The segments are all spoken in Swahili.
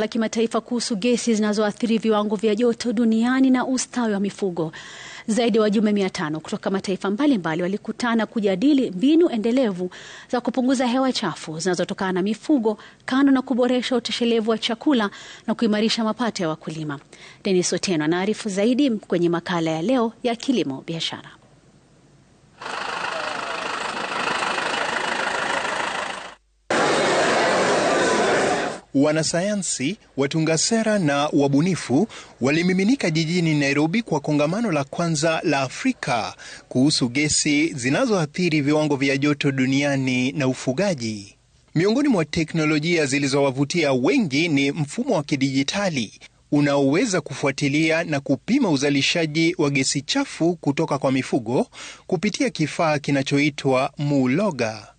la kimataifa kuhusu gesi zinazoathiri viwango vya joto duniani na ustawi wa mifugo. Zaidi ya wajumbe mia tano kutoka mataifa mbalimbali walikutana kujadili mbinu endelevu za kupunguza hewa chafu zinazotokana na mifugo, kando na kuboresha utoshelevu wa chakula na kuimarisha mapato ya wakulima. Denis Otieno anaarifu zaidi kwenye makala ya leo ya Kilimo Biashara. Wanasayansi, watunga sera na wabunifu walimiminika jijini Nairobi kwa kongamano la kwanza la Afrika kuhusu gesi zinazoathiri viwango vya joto duniani na ufugaji. Miongoni mwa teknolojia zilizowavutia wengi ni mfumo wa kidijitali unaoweza kufuatilia na kupima uzalishaji wa gesi chafu kutoka kwa mifugo kupitia kifaa kinachoitwa Muloga.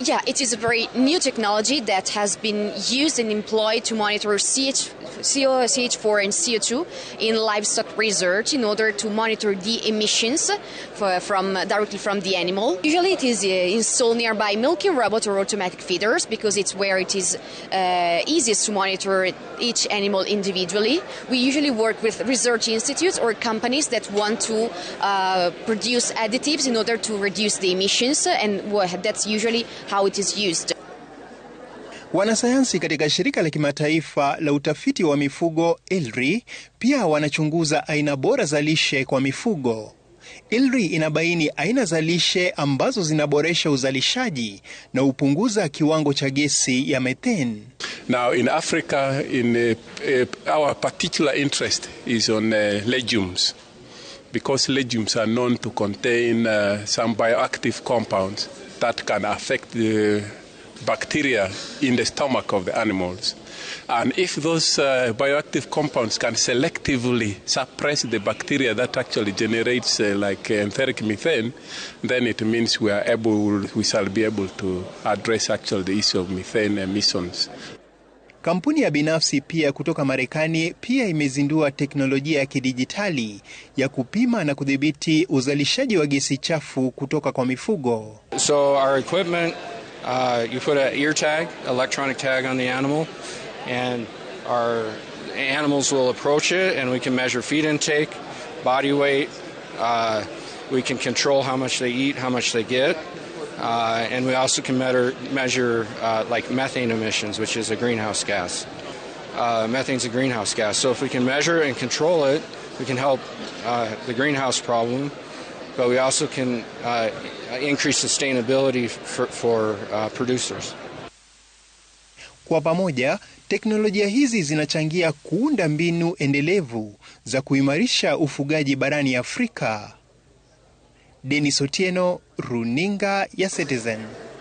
Yeah, it is a very new technology that has been used and employed to monitor sea. COCH4 and CO2 in livestock research in order to monitor the emissions for, from directly from the animal. Usually it is uh, installed nearby milking robot or automatic feeders because it's where it is uh, easiest to monitor each animal individually. We usually work with research institutes or companies that want to uh, produce additives in order to reduce the emissions uh, and that's usually how it is used. Wanasayansi katika shirika la kimataifa la utafiti wa mifugo ILRI pia wanachunguza aina bora za lishe kwa mifugo. ILRI inabaini aina za lishe ambazo zinaboresha uzalishaji na hupunguza kiwango cha gesi ya methane. Now in Africa, in, uh, our particular interest is on uh, legumes because legumes are known to contain uh, some bioactive compounds that can affect the bacteria in the stomach of the animals. And if those uh, bioactive compounds can selectively suppress the bacteria that actually generates uh, like uh, enteric methane, then it means we are able, we shall be able to address actually the issue of methane emissions. Kampuni ya binafsi pia kutoka Marekani pia imezindua teknolojia ya kidijitali ya kupima na kudhibiti uzalishaji wa gesi chafu kutoka kwa mifugo. So our equipment Uh, you put an ear tag, electronic tag on the animal, and our animals will approach it, and we can measure feed intake, body weight. Uh, we can control how much they eat, how much they get, uh, and we also can measure uh, like methane emissions, which is a greenhouse gas. Uh, methane is a greenhouse gas, so if we can measure and control it, we can help uh, the greenhouse problem but we also can uh, increase sustainability for, for uh, producers. Kwa pamoja, teknolojia hizi zinachangia kuunda mbinu endelevu za kuimarisha ufugaji barani Afrika. Denis Otieno, Runinga ya Citizen.